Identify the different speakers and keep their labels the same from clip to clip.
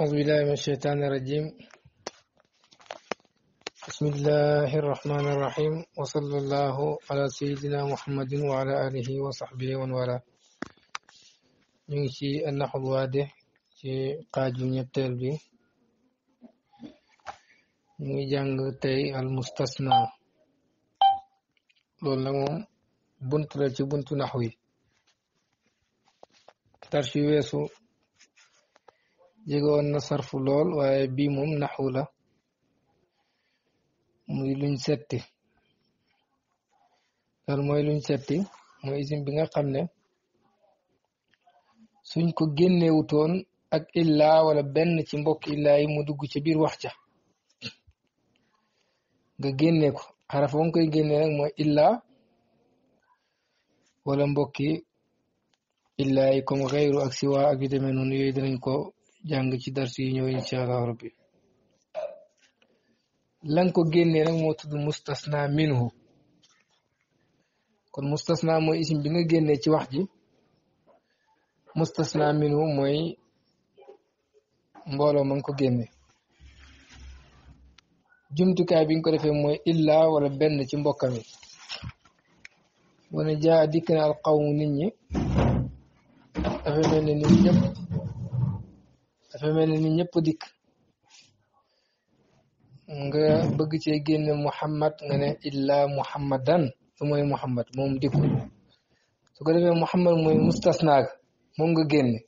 Speaker 1: أعوذ بالله من الشيطان الرجيم بسم الله الرحمن الرحيم وصلى الله على سيدنا محمد وعلى آله وصحبه ومن والاه نمشي النحو الواضح في قاجم يبتل به نجان تي المستثنى لولا بنت رجي بنت نحوي ترشي ويسو jege woon na sarfu lool waaye bii moom naxu la muy luñ setti loolu mooy luñ setti mooy isim bi nga xam ne suñ ko génnewutoon ak illaa wala benn ci mbokk illaa yi mu dugg ci biir wax ja nga génne ko xaraf wa nga koy génne nag mooy illaa wala mbokki illaa yi comme xeyru ak siwaa ak yu demee noonu yooyu dinañ ko jàng ci dars yi ñëw incha allah rabbi lan ko génnee nag moo tudd mustasna minhu kon mustasna mooy isim bi nga génnee ci wax ji mustasna minhu mooy mbooloo ma nga ko génne jumtukaay bi nga ko defee mooy illa wala benn ci mbokkam mi wane jaa dikk na alqawmu nit ñi dafay mel ne dafa mel ni ñëpp dikk nga bëgg cee génne Muhammad nga ne illa Muhammadan su mooy Muhammad moom dikkul su ko defee Muhammad mooy mustasnaag moom nga génne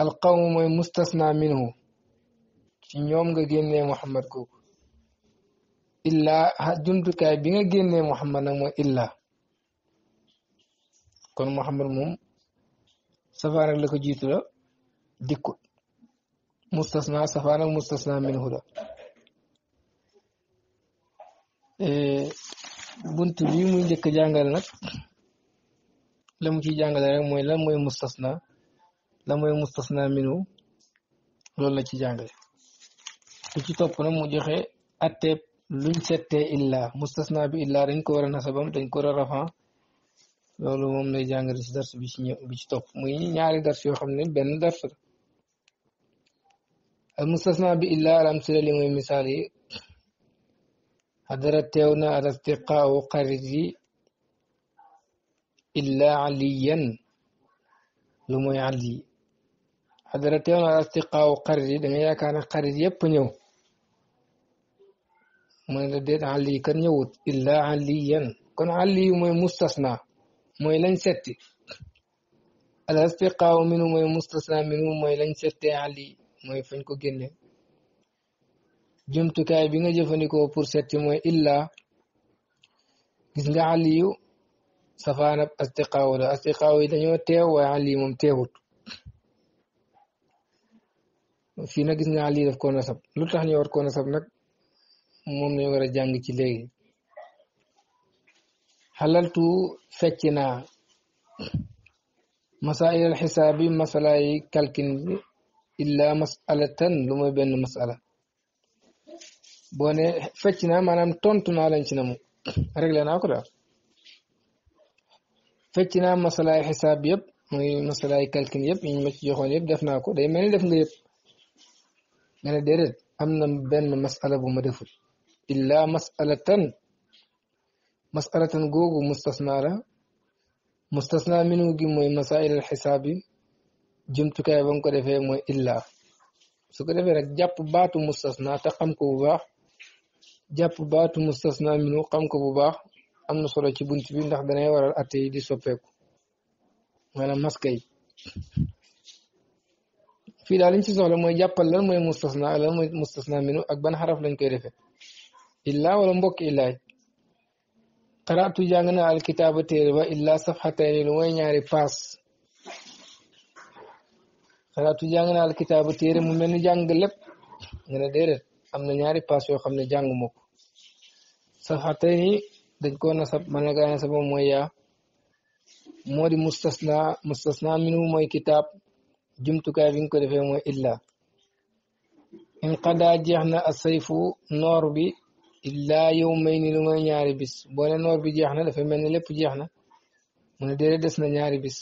Speaker 1: alqawmu mooy mustasna minhu ci ñoom nga génnee Muhammad kooku illa jumtukaay bi nga génnee Muhammad nag mooy illa kon Muhammad moom safaan rek dikkut mustasna safaan ak mustasna minhu la e, bunt bi muy njëkk jàngal nag la mu ciy jàngale rek mooy lan mooy mustasna la mooy mustasna minhu loolu la ci jàngale lu ci topp nag mu joxe atteeb luñ settee illa mustasna bi illa dañ ko war na nasabam dañ ko war a rafan loolu moom lay jàngale si dars bi ci ñëw muy ñaari dars yoo xam ne benn dars المستثنى بإلا الأمثلة لمن مثالي حضرت تيونا الأصدقاء قريجي إلا عليا لم يعلي حضرت تيونا الأصدقاء قريجي دمية كان قرزي يبنيو من ردد علي كان يوت إلا عليا كان علي مي مستثنى مي ستي الأصدقاء منو مي مستثنى منو مي لنشتي علي mooy fañ ko génne jumtukaay bi nga jëfandikoo pour seet ci mooy illa gis nga aliyu safaanab astiqaaw la astiqaaw yi dañoo teew waaye aliyu moom teewut fii nag gis nga aliyu daf ko nasab lu tax ñu war ko nasab nag moom lañ war a jàng ci léegi xalaltu fecc naa masail xisaabi masala yi kalkin إلا مسألة لما بين مسألة بوني فتنا مانام تونتنا لنشنا مو رجلا ناقرا فتنا مسألة حساب يب مي مسألة كالكن يب إن مش جوهن يب دفنا كو ده يمني دفنا يب أنا ديرت أمنا بين مسألة بمدفل إلا مسألة مسألة جوجو مستثنى مستثنى منو جي مسائل الحسابي jumtukaay ba nga ko defee mooy illa su ko defee rek jàpp baatu mustasna te xam ko bu baax jàpp baatu mustasna minu xam ko bu baax am na solo ci bunt bi ndax danay waral atte di soppeeku maanaam maska yi fii daal liñ ci soxla mooy jàppal lan mooy mustasna lan mooy mustasna minu ak ban xaraf lañ koy defee illa wala mbokk illaay xaraatu jàng na alkitaaba téere ba illa safxatayni lu mooy ñaari paas xalaatu jàng naa la kitaabu téere mu mel ni jàng lépp nga ne am na ñaari paas yoo xam ne jàng mukk safatay ni dañ koo nasab man la nasab mooy yaa moo di mustasna mustasna minu mooy kitaab jumtukaay bi nga ko defee mooy illa in qadaa jeex na asayfu noor bi illa yow may ni lu ñaari bis boo ne noor bi jeex na dafa mel ni lépp jeex na mu ne ñaari bis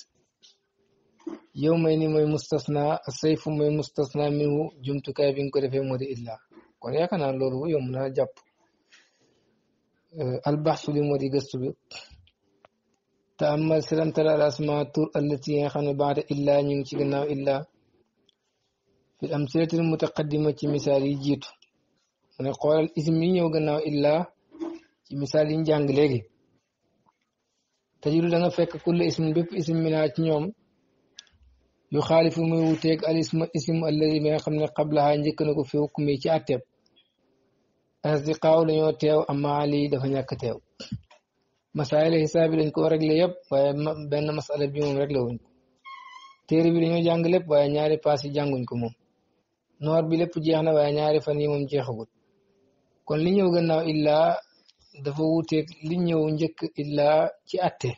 Speaker 1: yow may ni mooy mustasna sayfu mooy mustasna minhu jumtukaay bi nga ko defee moo di illa kon yaakaar naa loolu yomb naa jàpp euh, albaxsu bi moo di bi te amma silamtala al asma tur allati yi nga xam ne baada illa ñu ngi ci gannaaw illa fi amsilatil mutaqaddima ci misaal yi jiitu mu ne xoolal ism yi ñëw gannaaw illa ci misaal yi ñu jàng léegi tajidu da nga fekk kulle ñoom yu xaalifu muy wuteeg al isma ism alladi bi nga xam ne xablaha njëkk na ko fi hukmi ci àtteeb asdiqaaw dañoo teew amma ali dafa ñàkk teew masaayil xisaab yi lañ ko réglé yëpp waaye benn masala bi moom réglé wuñ ko téere bi dañoo jàng lépp waaye ñaari paas yi jànguñ ko moom noor bi lépp jeex na waaye ñaari fan yi a jeexagut kon li ñëw gannaaw illaa dafa wuteeg li ñëw njëkk illaa ci atte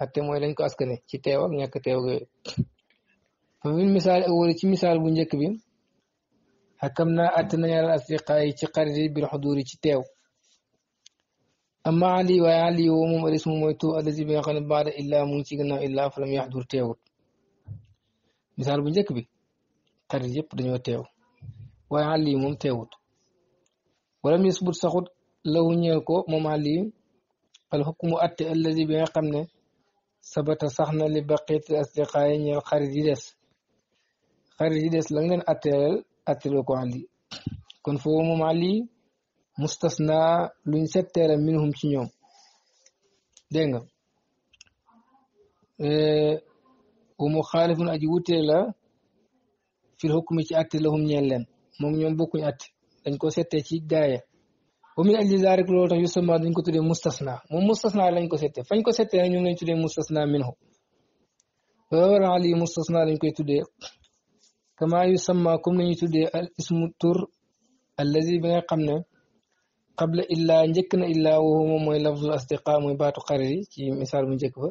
Speaker 1: atte mooy lañ ko askane ci teew ak ñàkk teew ak fa min misaal awali ci misaal bu njëkk bi xakam naa atte nañ al asdiqaa ci xarit yi bil xuduuri ci teew amma ali waaye ali moom alis mu mooy tu alasi bi nga xam bu njëkk bi xarit yëpp dañoo teew waaye ali moom teewut wala mu saxut lahu ñeel moom ali al atte alladi bi nga ne sabata sax na li baqiyati asdiqaayi ñeel xarit yi des xarit yi des la nga leen atteelal atteelu ko àlli kon foofu moom àlli mustasna luñ setteera minhum ci ñoom dégg nga wa mu xaalifun aji wutee la fil xukmi ci atte lahum ñeel leen moom ñoom bokkuñ atte dañ ko settee ci gaaya ومن أجل ذلك لوطا يسمى دين كتير مستثنى ومستثنى لين كسيت فين كسيت هني من كتير مستثنى منه فور علي مستثنى لين كتير كما يسمى كم لين كتير الاسم تور الذي بين قمنا قبل إلا أنجكنا إلا وهو ما يلفظ الأصدقاء ما يبات قريري كي مثال من جكوا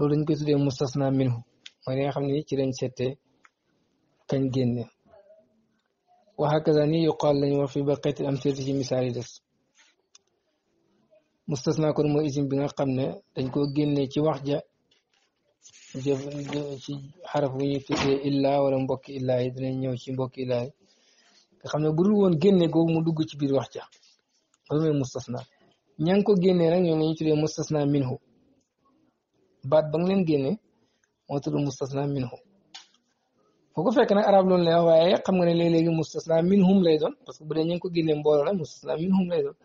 Speaker 1: لين كتير مستثنى منه ما يعرف مني كتير كان جنة wa hakaza nii yuqaal lañu wax fi baqiyati amsilati ci misaal yi des mustasna kon mooy isim bi nga xam ne dañ koo génne ci wax ja jëf ci xaraf bu ñuy tuddee wala mbokki illaa yi dinañ ñëw ci mbokki illaa yi nga xam ne bu woon génne googu mu dugg ci biir wax ja loolu mooy mustasna ña ngi ko génne nag ñoom la ñuy tuddee mustasna minhu baat ba nga leen génne moo tudd mustasna minhu foo ko fekk nag arab loolu lay wax waaye xam nga ne léeg-léegi mustasna minhum lay doon parce que bu dee ñu ngi ko génnee mbooloo la mustasna minhum lay doon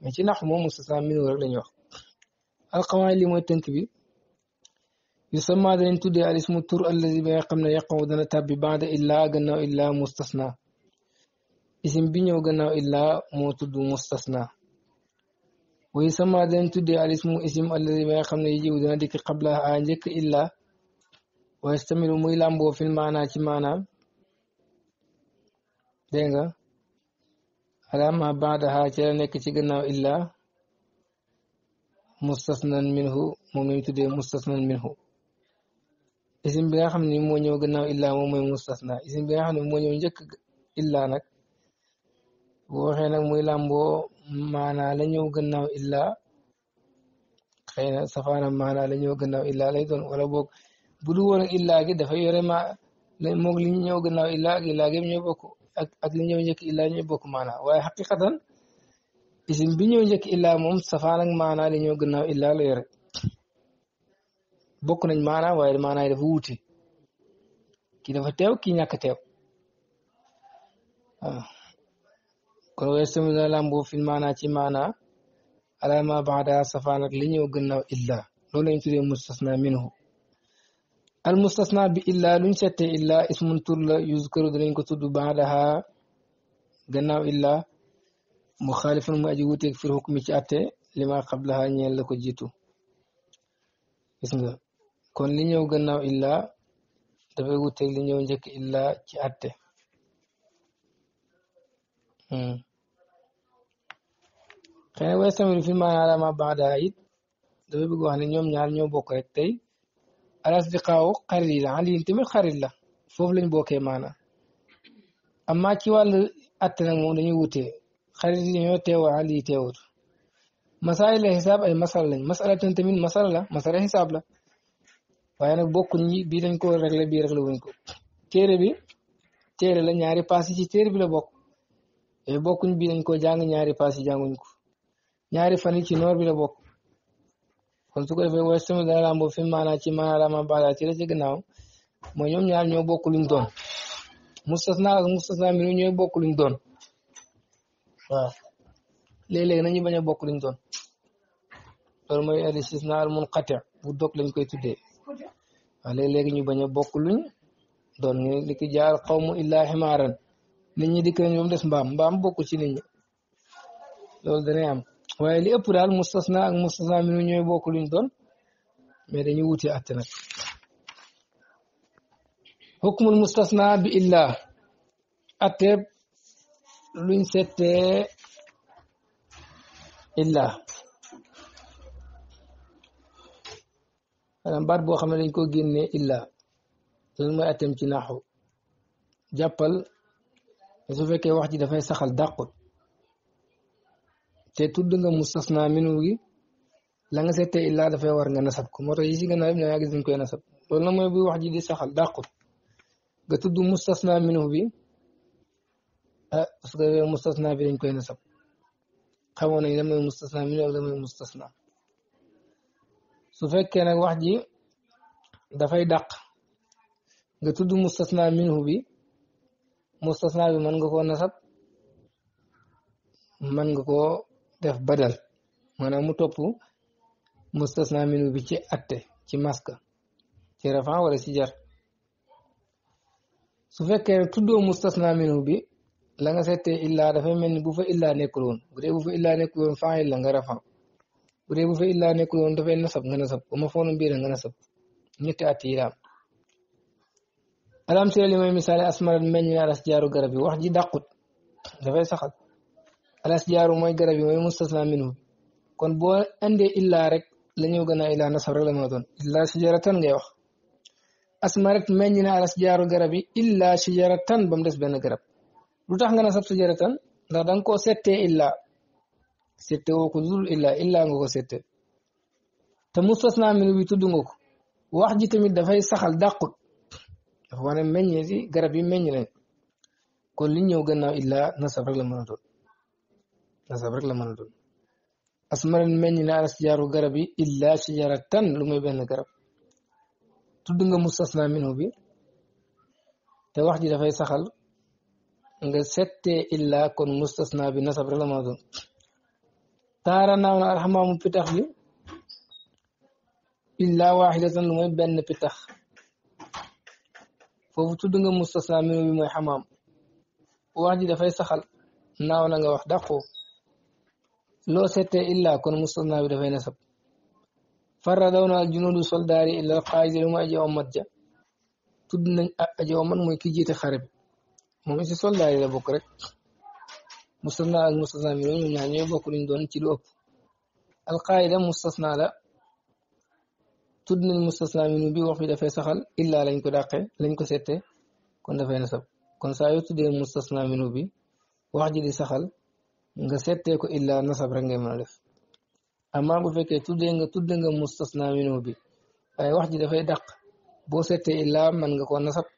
Speaker 1: mais ci nax moom mustasna minhum rek la ñuy wax alxawaay li mooy tënk bi yu sama danañ tuddee al ismu tur allazi bi nga xam ne yaqaw dana tàbbi baada illaa gannaaw illa mustasna isim bi ñëw gannaaw illaa moo tudd mustasna wa yu sama danañ tuddee al ismu isim allazi bi nga xam ne yijiw dana dikk qabla a njëkk illaa ويستملوا مي لامبو في المعنى تي معنى دينغا على ما بعدها تي نيك تي غناو الا مستثنى منه مومي تودي مستثنى منه اسم بيغا خامني مو نيو غناو الا مومي مستثنى اسم بيغا خامني مو نيو نيك الا نك ووخي نك مي لامبو معنى لا نيو غناو الا خينا سفانا معنى لا نيو غناو الا لا يدون ولا بوك bulu wona illaage dafa yorema moog li ñëw gannaaw illaage illaageem ñoo bokk ak ak li ñëw njëkk illaa ñoo bokk maanaa waaye xaqiqatan isim bi ñëw njëkk illaa moom safaan ak maanaa li ñëw gannaaw illaa la yore bokk nañ maanaa waaye maanaa yi dafa wuute kii dafa teew kii ñàkk teew waaw kon wees tamit dana làmboo fi maanaa ci maanaa alama baada safaan ak li ñëw gannaaw illaa loolu lañ tuddee mustasna minhu al mustasna bi illa luñ settee illa ismun tur la yuzkaru danañ ko tudd baadaha gannaaw illa mu xaalifan mu aji wuteeg fir xukmi ci atte lima xablaha ñeel la ko jiitu gis kon li ñëw gannaaw illa dafay wuteeg li ñëw njëkk illa ci atte xëy na way fi maanaa la ma baadaha it dafay bëgg wax ne ñoom ñaar ñoo bokk rek tey al asdiqaaw xarit la aliin tamit xarit la foofu lañ bokkee maana amma ci wàllu atte nag moom dañuy wutee xarit yi ñoo ali teewut masaay la xisaab ay masala lañ masala ten tamit masala la masala xisaab la waaye nag bokkuñ ñi bii dañ ko réglé bii réglé wuñ ko téere bi téere la ñaari paas ci téere bi la bokk yooyu bokkuñ bii dañ ko jàng ñaari paas yi jànguñ ko ñaari fan yi ci noor bi la bokk kon su ko defee wala sama dana fi maanaa ci maanaa la ma baala ci la ci gannaaw mooy ñoom ñaar ñoo bokk luñ doon mustasna ak mustasna mi ñooy bokk luñ doon waaw léeg-léeg nañu bañ a bokk luñ doon loolu mooy al-istisna al-munqati bu dog lañ koy tuddee waaw léeg ñu bañ a bokk luñ doon ñu li jaar xawmu illaa ximaaran nit ñi dikk nañ ba mu des mbaam mbaam bokk ci nit ñi am. waye li ëpp daal mustasna ak mustasna minu ñoy bokku luñ doon mais dañuy wuti atte nag hukmul mustasna bi illa atte luñ sété illa ala baat bo xamne dañ ko génné illa loolu mooy attem ci naaxu jàppal su fekkee wax ji dafay saxal dàqut te tudd nga mustasna minu gi la nga sété illa da fay war nga nasab ko moo yi ci gëna yëpp yaa gis dañ koy nasab loolu nag mooy bu wax ji di saxal daqku ga tudd mustasna minu bi ah parce que mustasna bi dañ koy nasab xamone nañ la mustasna minu wala la mustasna su fekke nak wax ji da fay dàq ga tudd mustasna minu bi mustasna bi man nga ko nasab man nga ko def badal maanaam mu topp mustasna minu bi ci atte ci maska ci rafan wala ci jar su fekkee tuddoo mustasna minu bi la nga settee illaa dafay mel ni bu fa illaa nekkul bu dee bu fa illaa nekkul woon fa'il la nga rafan bu dee bu fa illaa nekkul dafay nasab nga nasab ba ma nga nasab ñetti at yi daam alam seel li may misaale asmarat naa las jaaru garab yi wax ji dàqut dafay saxal al asjaaru mooy garab yi mooy mustasna minhu kon boo andee illaa rek la ñëw gën a illaa nasab rek la mën a doon illaa ngay wax asma rek meññ na al asjaaru garab yi illaa shajaratan ba mu des benn garab lu tax nga nasab shajaratan ndax dang koo settee illaa sette woo ko dul illaa illaa nga ko sette te mustasna minhu bi tudd nga wax ji tamit dafay saxal dàqut dafa wane meññee si garab yi meññ nañ kon li ñëw gannaaw illaa nasab rek nasabar la mën a doon asmaran meññ na alasjaaru garab yi illa shajaratan lu muy benn garab tudd nga mustasna minhu bi te wax ji dafay saxal nga settee illa kon mustasna bi nasab rek la mën a doon taara naaw na alxamaamu pitax bi illa waxidatan lu muy benn pitax foofu tudd nga mustasna minhu bi mooy xamaam wax ji dafay saxal naaw na nga wax dàqoo لو ستة إلا كن مصدنا بدفعي نسب فردونا الجنود سلداري إلا القائد لما أجي أمد جا تدن أجي أمد مو يكي جيت خارب مومي سي سلداري لا بوك رك يعني مستثنى المستثنى منو نيان يو بوك دون تي القائد مصدنا لا تدن المصدنا منو بي وفي دفعي سخل إلا لنكو داقي لنكو كو ستة كن دفعي نسب كن سايو تدن المصدنا منو بي wax ji سخل nga settee ko illa nasab rek ngay mën a def amma bu fekkee tuddee nga tuddee nga mustasna minhu bi waaye wax ji dafay dàq boo settee illa man nga ko nasab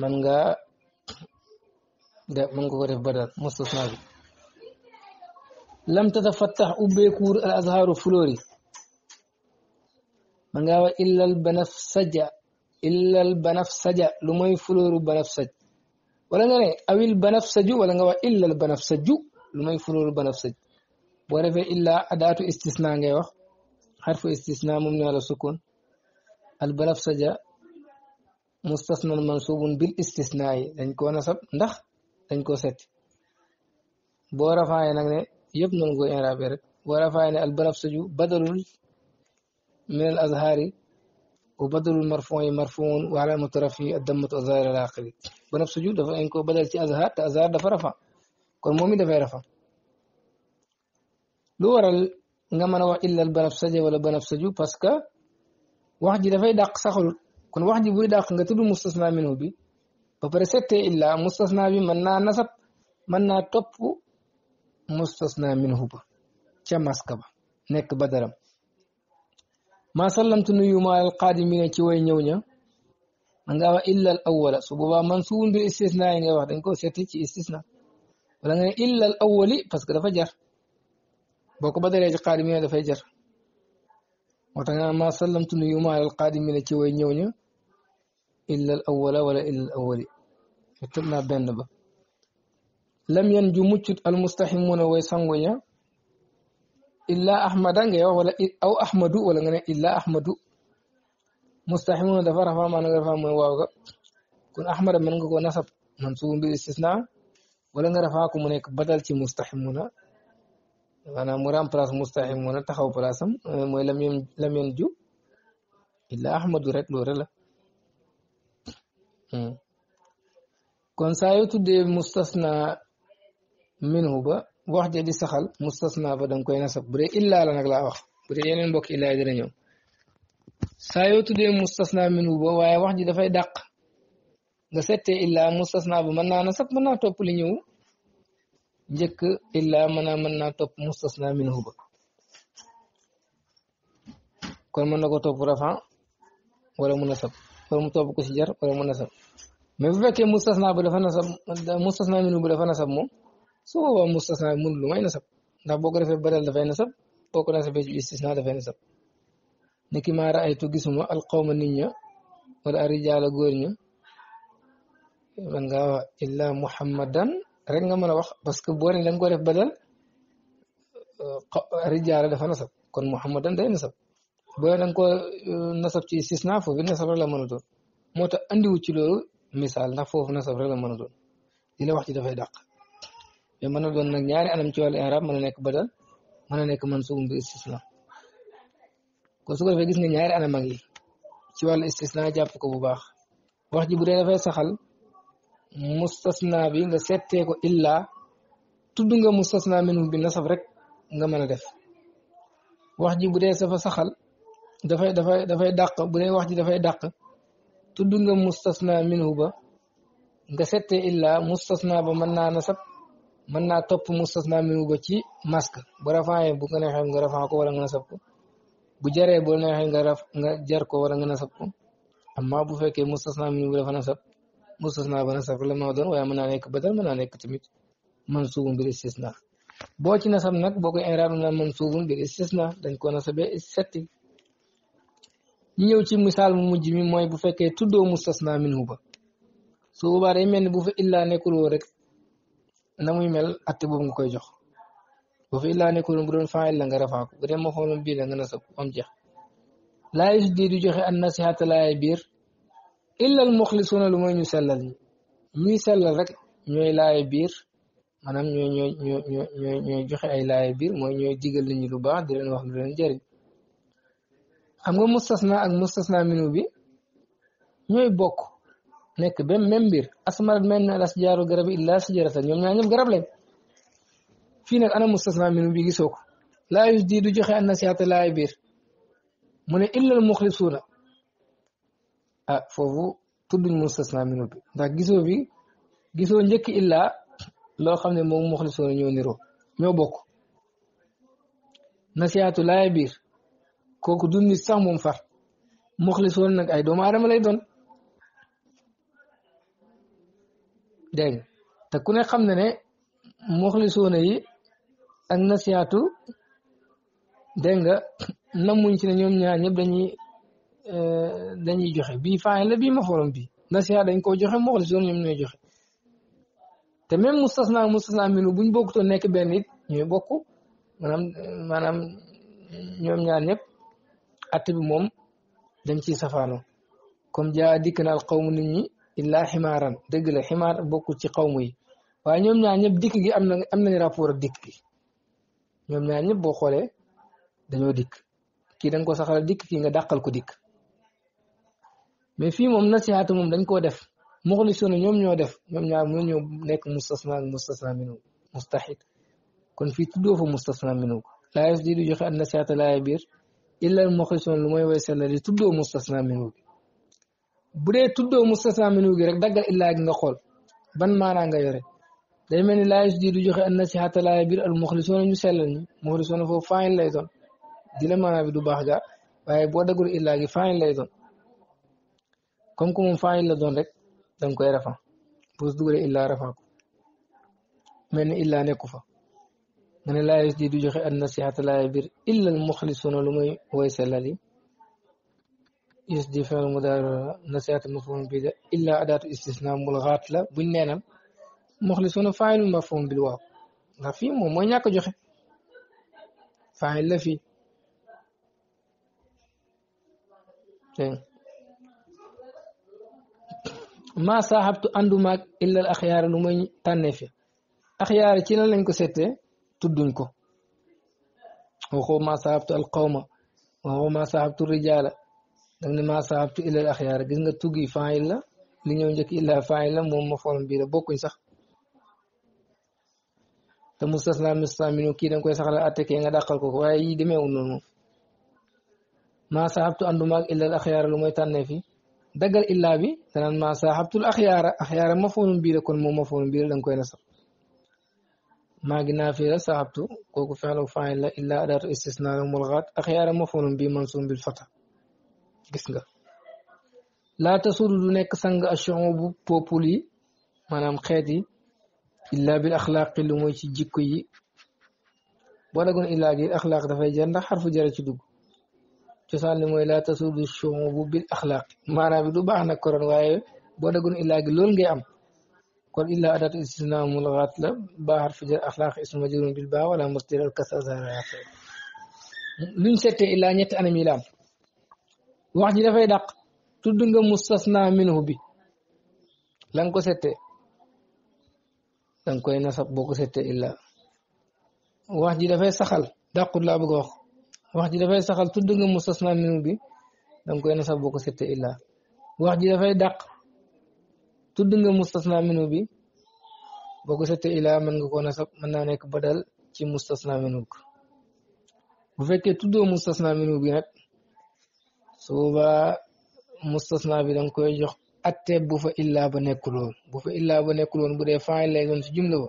Speaker 1: man nga de man nga ko def badal mustasna bi lam tatafattax ubbeekuur al azharu flori man ngaa wax banaf saja illal banaf saja lu mooy banaf saj warangane awil banafsaju waranga wax illal banafsaju lu may fulul banafsaj boo defee illa adaatu istisna ngay wax xarfu istisna moom ne la sukun al banafsaja mustasnan mansubun bil istisnaayi dañ koo nasab ndax dañ koo setti boo rafaaye nag ne yëpp noonu koy inrabe rek boo rafaaye ne al banafsaju badalul min al azhari وبدل المرفوع مرفوع وعلامة رفعه الدم أظهر إلى آخره بنفس جودة فإنكو بدلت أظهر تأظهر دفع رفع كل مؤمن دفع رفع لور إنما نوع إلا البنفسجة ولا بنفسجو فسكا واحد دفع داق سخل كن واحد بوري داق نتلو مستثنى منه بي فبرسته إلا مستثنى بي منا نسب منا توب مستثنى منه با كما سكبا نك بدرم ما سلمت نيو مال القادم من كي وين يونيا من غاوا الا الاول سبوبا منصوب باستثناء غا يعني واخ دنجو سيتي سي استثناء ولا الا الاول باسكو دا فجر بوكو بدل يا قادم دا فجر وتا ما سلمت نيو مال القادم من كي وين يونيا الا الاول ولا الا الاول فتنا بن با لم ينجو مجد المستحمون ويسانغونيا illaa ahmada ngay wax wala aw ahmadu wala nga ne illaa ahmadu mustaximuna dafa rafaa maanaam nga rafaa mooy waaw ga kon ahmada mën nga ko nasab mansubu bi istisna wala nga rafaa ko mu badal ci mustaximuna maanaam mu remplace mustaximuna taxaw place am eh, mooy lam yem ahmadu rek loolu la hmm. kon saa yoo tuddee mustasna minhu ba wax ja di saxal mustasna ba danga koy nasab bu dee la nag laa wax bu dee yeneen mbokk illaa dina ñëw saa yoo mustasna minhu ba waaye wax ji dafay dàq nga settee illaa mustasna ba mën naa nasab mën naa topp lu ñëw njëkk illaa mën naa mën naa topp mustasna minhu ba kon mën na ko topp rafan wala mu nasab wala mu topp ko ci jar wala mu nasab mais bu fekkee mustasna ba dafa nasab mustasna minhu ba dafa nasab moom su boobaa mustasna mun lu may nasab ndax boko defé bëral da fay nasab boko ko nasabee ci istisna fay nasab niki ma ra ay raaytu gisuma al qawma ninya wal arijaala góor ña man ngaa wax illa muhammadan rek nga mën wax parce que boo ne nga ko def badal da fa nasab kon muhammadan day nasab boo ne nga ko nasab ci istisna bi nasab la mën do mota andi wu ci lolu misal ndax fofu nasab rek la mën do dina wax ci da fay dakk te mën a doon nag ñaari anam ci wàllu i'rab mën a nekk badal mën a nekk mansuubun bi istisna kon su ko defee gis nga ñaari anam ak yi ci wàllu istisna jàpp ko bu baax wax ji bu mustasna bi nga settee ko illa tudd nga mustasna minhu bi nasab rek nga mën def wax ji bu dee dafa saxal dafay dafay dafay dàq bu dee wax ji dafay dàq tudd nga mustasna minhu ba nga settee illa mustasna ba mën naa nasab mën naa topp naa mi ko ci masque bu rafaa bu ko neexee nga rafaa ko wala nga nasab ko bu jaree bu neexee nga raf nga jar ko wala nga nasab ko amma bu fekkee mustasna mi dafa nasab mustasna ba nasab la ma doon waaye mën naa nekk badal mën naa nekk tamit mansuubun bil istisna boo ci nasab nag boo ko inraab na mansuubun bil istisna dañ ko nasabee setti ñu ñëw ci misaal mu mujj mi mooy bu fekkee tuddoo mustasna minhu min su boobaa day mel ni woon rek na muy mel atte boobu nga koy jox bu fi illaa nekkoon bu doon faayil la nga rafaa ko bu dee ma xoolum biir la nga nasab am jeex laa yus di du joxe an nasihaata laay biir illa al muxlisuuna lu mooy ñu sellal ñi ñuy sellal rek ñooy laay biir maanaam ñooy ñooy ñooy ñooy ñooy joxe ay laay biir mooy ñooy digal nit ñi lu baax di leen wax lu leen jëriñ xam nga mustasna ak mustasna minu bi ñooy bokk nek ba même mbir asmalat mel na las jaru garab illa sajaratan ñoom ñaar ñëpp garab lañ fi nak ana mustasna min bi gisoko la yusdidu joxe an nasihat la biir mune illa al muxlisuuna ah fofu tuddu mustasna min bi ndax giso bi giso njëkk illa lo xamne mo moom ñoo niro ñoo bok nasihat la biir koku dundi sax moom far muxlisuuna nak ay doomu aadama lay don dégg nga te ku ne xam na ne moxlisuuna yi ak nasiyaatu dégg nga namuñ ci ne ñoom ñaar ñëpp dañuy euh, dañuy joxe bii faayal la bii maforom bi nasiyaat dañ koo joxe moxlisuuna ñoom ñooy joxe te même mustasna mustasna minu buñ bokkutoo nekk benn it ñooy bokk maanaam ñoom ñaan ñëpp att bi moom dañ ciy safaano comme jaa dikk naal xaw mu ñi illaa ximaaran dëgg la ximaar bokku ci xawma yi waaye ñoom ñaar ñëpp dikk gi am na am nañ rapport ak dikk gi ñoom ñaar ñëpp boo xoolee dañoo dikk kii da nga ko saxal dikk kii nga dàqal ko dikk mais fii moom nasihaatu moom dañ koo def muxlisuna ñoom ñoo def ñoom ñaar ñoo ñoo nekk mustasna ak mustasna minu mustahid kon fii tuddoo fa mustasna minu laa yas di du joxe an nasihaata laaya biir illa al muxlisuna lu mooy way sella di tuddoo mustasna minu bi bu dee tuddoo mustasna minhu gi rek daggal illaa gi nga xool ban maanaa nga yore day mel ni laaj di du joxe an nasihata laay biir al muxlisoona ñu sellal ñi muxlisoona foofu faayin lay doon di bi du baax ga waaye boo daggul illaa gi faayin lay doon comme que la doon rek danga koy rafa boo dugalee illaa rafa ni illaa nekku fa nga ne laaj di joxe an nasihata laay biir illa al muxlisoona lu muy woy sellal يسدي فعل مضارع نسيت المفعول به إلا أداة استثناء ملغات la buñ nee na مخلصون فاعل مفعول بالواو ndax fii moom mooy ñàkk joxe faayil la fii dégg maa saaxabtu àndumaag illal axyaar lu mooy tànnee fi axyaar ci lan lañ ko seetee tudduñ ko waxoo maa saaxabtu alqawma waxoo maa saaxabtu rijaala dam ne maa saabtu illa al axyaar gis nga tuggi faayil la li ñëw njëkk illa faayil la moom ma form bii la bokkuñ sax te mustasna mustasna minu kii danga koy saxalal attekee nga dàqal ko ko waaye yi demeewul noonu moom maa saabtu ànduma ak illa al axyaar lu mooy tànnee fi daggal illaa bi danaan maa saaxabtul axyaara axyaara ma foonum bii la kon moom ma foonum bii la danga koy na sax maa ngi naa fii la saaxabtu kooku fexlu faayil la illaa adaatu istisna la mulxaat axyaara ma foonum bii mansuum bil fata gis nga laata tasuudu du nekk sang achion bu popul yi maanaam xeet yi illaa bil axlaaqi lu mooy ci jikko yi boo dagoon illaa gi axlaaq dafay jar ndax xarfu jara ci dugg cosaan li mooy laata tasuudu chion bu bil axlaaq maanaam bi baax nag koron waaye boo dagoon illaa gi loolu ngay am kon illaa adatu istisna mulgaat la baa xarfu jar axlaaq ismu majruurun bil baa wala masdar al kasra luñ settee illaa ñetti anam yi la am wax ji dafay dàq tudd nga mustasna minhu bi la nga ko settee da koy nasab boo ko settee illa wax ji dafay saxal dàqut laa bëgg wax wax ji dafay saxal tudd nga mustasna minhu bi da nga koy nasab boo ko settee illa wax ji dafay dàq tudd nga mustasna minhu bi boo ko settee illa mën nga koo nasab mën naa nekk badal ci mustasna minu bu fekkee tuddoo mustasna su boobaa mustasna bi da nga koy jox atte bu fa illaa ba nekkuloon bu fa illaa ba nekkuloon bu dee faay lay doon si jumla ba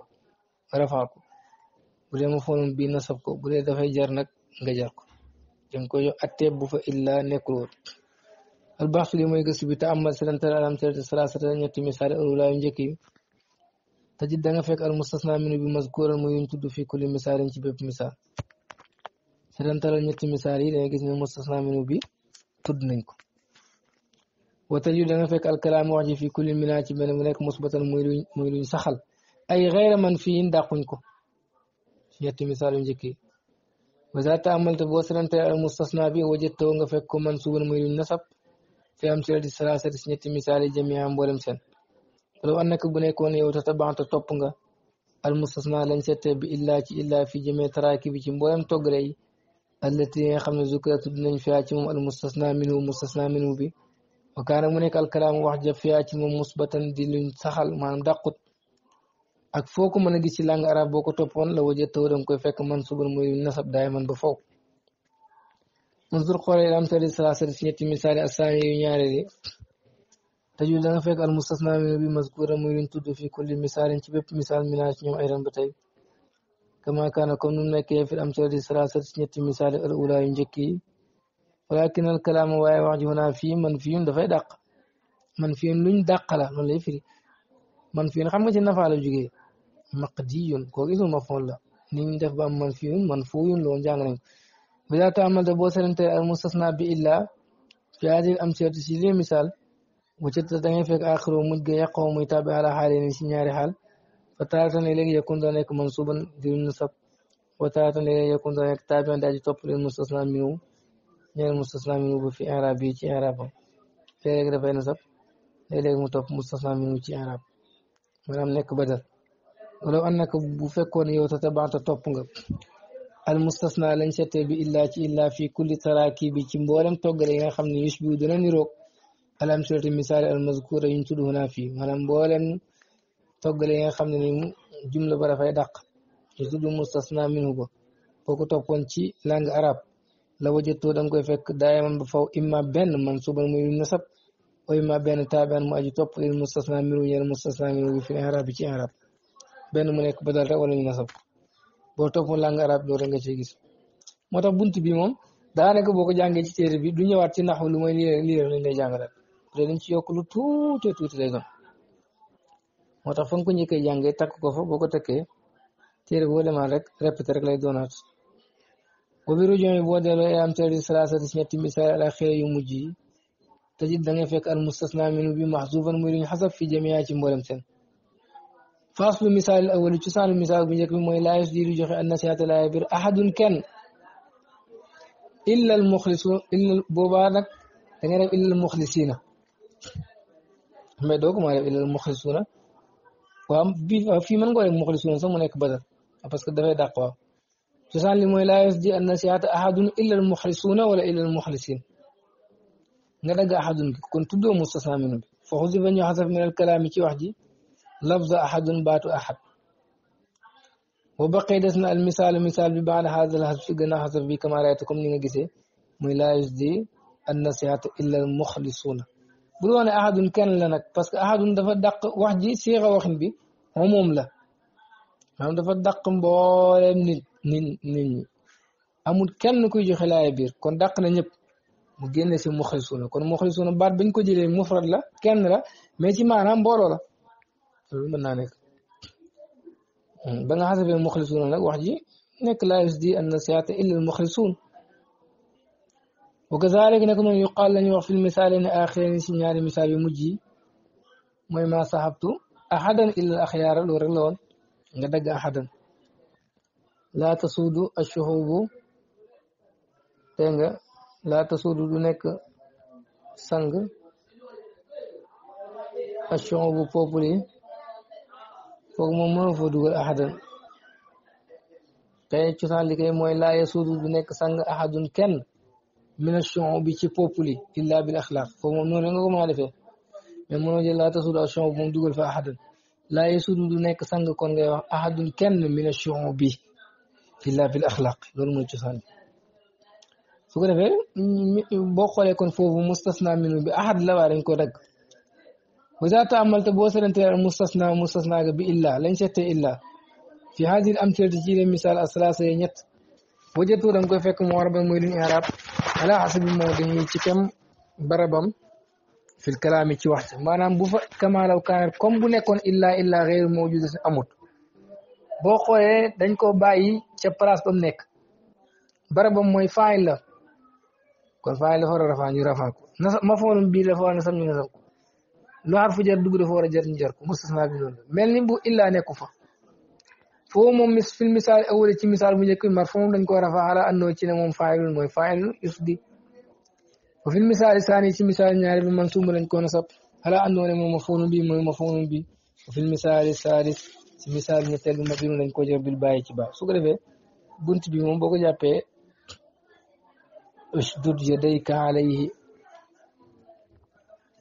Speaker 1: nga rafaa ko bu dee mu foonoon bii nasab ko bu dee dafay jar nag nga jar ko danga koy jox atte bu fa illaa nekkuloon albaxtu li mooy gëstu bi te amal setantal ñetti misaal alula da nga fekk al mustasna minu bi mazkuran mu yuñ tudd fi kulli misaalin ci bépp misaal setantalal ñetti misaal yi da gis ne mustasna minu tudd nañ ko watajid dana fekk alkalaam wax ji fi kulli minaa ci benn bu nekk musbatan muy luñ muy luñ saxal ay xayra man fiin dàquñ ko ci ñetti misaal yu njëkk yi waza taamalta boo sanante al mustasna bi wajëttoo nga fekk ko man suban muy luñ nasab fi am si la di salaasati si ñetti misaal yi jamia mboolem seen loolu an naka bu nekkoon yow te tabaxante topp nga al mustasna lañ settee bi illaa ci illaa fi jëmee taraaki bi ci mboolem toggale yi allati yi nga xam ne zukira tudd nañ fiyaa ci moom al mustasna minhu mustasna minhu bi wa kaana mu nekk alkalaam wax ja fiyaa ci moom musbatan di luñ saxal maanaam dàqut ak foo ko mën a gis ci langue arabe boo ko toppoon la waje taw danga koy fekk man suban muy nasab daay man ba faw mansour xoole il am tari salaasati si ñetti misaali assaani yu ñaareeli tajul da nga fekk al mustasna minhu bi mazkura muy luñ tudd fi kulli misaalin ci bépp ñoom ayran ba tey كما كان كن نكي في الأمثلة الثلاثة نيت مثال الأولى ينجكي ولكن الكلام واي وعج هنا في من في دفاي دق منفي لن دق لا من لا يفري منفي خم نغا نفع لا جوغي مقدي كو اسم مفعول لا ني دف بام منفي منفوي لو جانغ نك بلا تعمل بو سرنت المستثنى بإلا في هذه الأمثلة سي مثال وجدت دنگ فيك آخر مجد يقوم يتابع على حاله سي نياري حال وتارة إليه يكون ذلك منصوبا ذي النسب وتارة إليه يكون ذلك تابعا داج توب للمستثنى منه يعني المستثنى منه في إعرابه في إعرابه في إليه رفع نسب إليه متوب مستثنى منه في إعراب ولم نك بدل ولو أنك بفكون يوتتبع تتوب المستثنى لن شتبه إلا إلا في كل تراكيب كمبولم توقر إلا خمني يشبه دون نروك ألم سرط المثال المذكور ينتد هنا فيه ولم بولم toggale yi nga xam ne ni mu jumla ba dafay dàq ñu tudd mustasna minhu ba boo ko toppoon ci langue arab la wajattoo da koy fekk daayaman ba faw imma benn mansuban muy lim nasab o imma benn taabian mu aju topp lil mustasna minhu ñeel mustasna minhu bi fi arab bi ci arab mu nekk badal rek wala ñu nasab boo toppoon langue arab loolu nga cee gis moo tax bunt bi moom daanaka boo ko jàngee ci téere bi du ñëwaat ci naxu lu mooy lii rek lii rek lañ lay jàngalal dañ ci yokk lu tuuti tuuti motax tax fa ko ñëkke jàngé takk ko fa boko tekke téré téere boo demaat rek répéter rek lay donat ko biru région bo délo delloo am téré salasa ci ñetti misal ala xëy yu mujj te jid da nga fekk al mustasna min bi mahzufan muy luñu xasab fi jamia ci mboolem seen faslu awwal ci sanu misal bu njëkk moy la yus diru joxe an nasihat la yabir ahadun kenn illa al mukhlis illa boba nak da nga rek illa al mukhlisina mais dogu ma rek illa al mukhlisuna waaw bi fii mën nga ko def muxlisuun sax mu nekk badal parce que dafay dàq waaw cosaan li mooy laa yasdi an nasiihata ahadun illa al muxlisuuna wala illa al muxlisiin nga dagg ahadun gi kon tuddoo mustasnaa minhu bi fa xusifa ñu xasaf min al kalaami ci wax ji lafza ahadun baatu ahad wa baqee des na al misaalu misaal bi baada haada al xasf gannaaw xasaf bi kama raayta comme ni nga gisee muy laa yasdi an nasiihata illa al muxlisuuna بدون احد كان لنا باسكو احد دا دق وحدي صيغه وخم بي عموم لا هم دا دق مبول نيت نين نين امول كان كوي جو خلايا بير كون دقنا نيب مو ген سي مخلصون كون مخلصون بار بن كو جيلي مفرد لا كان لا مي سي مانام مبولو لا لو من نانيك بان حسب المخلصون لا وحدي نك لا يسدي ان سياته الا المخلصون وكذلك نكم من يقال لن يوفي المثال آخر سنيار مثال مجي موي ما صاحبتو أحدا إلا الأخيار الورلون ندق أحدا لا تسود الشهوب تنغ لا تسود دونك سنغ الشهوب فوبولي فوقم مو فدو أحدا تنغ تسالي كي موي لا يسود دونك سنغ أحد كن من الشعوب تي بوبولي الا بالاخلاق فم نون نغا ما ديفه مي مونو جي لا تسود الشعوب مون دوجل فا احد لا يسود دو نيك سانغ كون غاي واخ احد كين من الشعوب الا بالاخلاق لول مو تشان سوغ ديفه بو خولي كون فوفو مستثنى من بي احد لا وار نكو دك وذا تعملت بو سرنتي المستثنى مستثنى بي الا لن شتي الا في هذه الامثله تجي مثال الثلاثه نيت وجدتو دنجو فيك موربه موي لين اعراب ala xasabi mawdihi ci kem barabam fil kalaami ci wax maanaam bu fa kamaalaw kaanat comme bu nekkoon illa illaa xeeru mawjuda amut boo xoolee dañ ko bàyyi ca place ba nekk barabam mooy faayil la kon faayil dafa war a rafaa ñu rafaa ko na mafoolum bii a nasam ñu nasam ko lu xar fu jar dugg dafa war a jar ñu jar ko mustasna bi noonu mel ni bu illaa nekku fa foo moom mis fil misaal awale ci misaal bu njëkk bi marfu moom dañ ko rafa ala annoo ci ne moom faayilun mooy faayilun yusdi wa fil misaal saani ci misaal ñaari bi mansuub lañ ko nasab ala annoo ne moom mafuulun bi mooy mafuulun bi wa fil misaal saalis ci misaal ñetteel bi mabinun lañ ko jër bil bàyyi ci baa su ko defee bunt bi moom boo ko jàppee usdud yadayka alayhi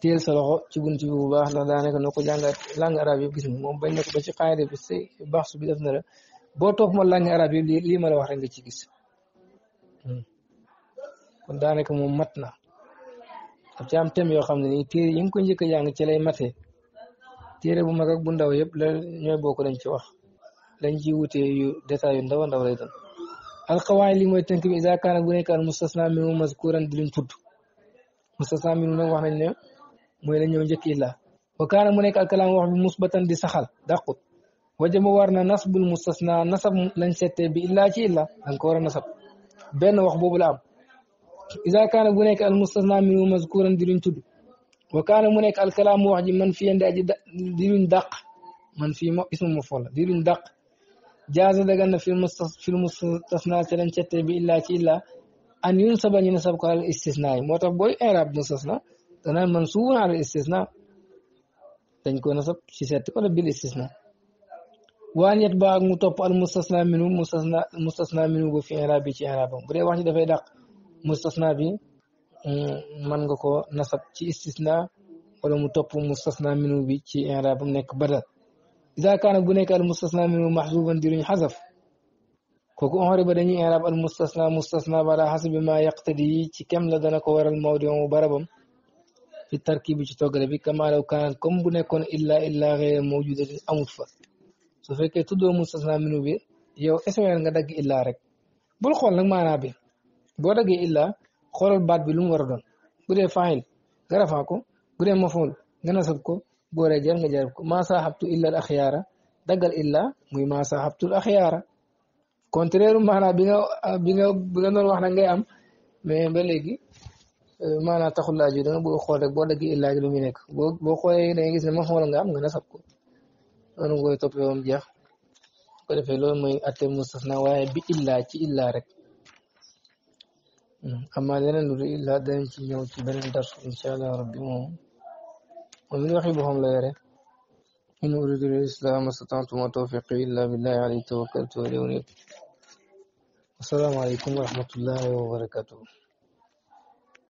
Speaker 1: teel sa ci bunt bu baax ndax daanaka noo ko jàngat langue arabe yëpp gis moom bañ na ko ba ci xaayda bi say su bi def na la boo topp ma langue arabe yi lii ma la wax rek nga ci gis hmm. kon daanaka moom mat na daf ci am yoo xam ne nii téere yi nga ko njëkk a ci lay matee téere bu magak bu ndaw yëpp la ñooy bokk dañ ci wax dañ ci wutee yu détails yu ndaw ndaw lay doon alxawaay li mooy tënk bi isa kaana bu nekk al mustasna minhu mazkuran di luñ mustasna minhu nag wax nañ ne moy la ñëw njëkk illaa wa kana mu nekk alkalaam wax bi musbatan di saxal dàqut wajam war na nasbul mustasna nasab lañ sété bi illa ci illaa da ko war nasab ben wax bobu la am iza kana bu nek al mustasna minhu mazkuran di luñ tuddu wa kana mu nek al kalam wax ji man fi di ji di luñ dàq man fi mo ismu mufal di luñ dàq jaaza daga na fi fil fi mustasna ci lañ sété bi illa ci illaa an yun saba nasab ko al istisna yi moo irab mustasna danaan mansuubun ala istisna dañ ko nasab ci seet wala bil istisna waan yet baag mu topp al mustasna minu mustasna mustasna minu bu fi i'raab bi ci i'raabam bu dee wax ji dafay dàq mustasna bi mm, mën nga ko nasab ci istisna wala mu topp mustasna minu bi ci i'raabam nekk badal idaa kaana bu nekk al mustasna minu mahzuufan diruñ xasaf kooku onxori ba dañuy i'raab al mustasna mustasna bala xasbi ma yaqtadi ci kem la dana ko waral mawdi mu barabam في التركيب تغربي كما لو كانت كم بنكون إلا إلا غير موجودة أمفة su fekkee tuddoo mustasna minu bi yow essayal nga dag illa rek bul xool nak mana bi bo dagge illa xoolal bat bi lu wara don budé fa'il bu dee ko budé maful nga nasab ko booree jar nga jar ko ma sahabtu illa al akhyara dagal illa muy ma sahabtu al akhyara contraire mana bi nga bi nga bi nga don wax nag ngay am mais ba legui maanaam taxul laa ji da nga bëgg a xool rek boo daggee illaa gi lu muy nekk boo boo xoolee da ngay gis ne ma xool nga am nga nasab ko noonu nga koy toppee ba jeex ko defee loolu mooy atte mustasna waaye bi illaa ci illaa rek amma leneen lu dul illaa danañ ci ñëw ci beneen dars incha allah rabbi moom moom li waxi boppam la yore in uridu al-islam mastata'tu ma tawfiqi illa billahi alayhi tawakkaltu wa ilayhi unib asalaamaaleykum wa rahmatullahi wa barakatuh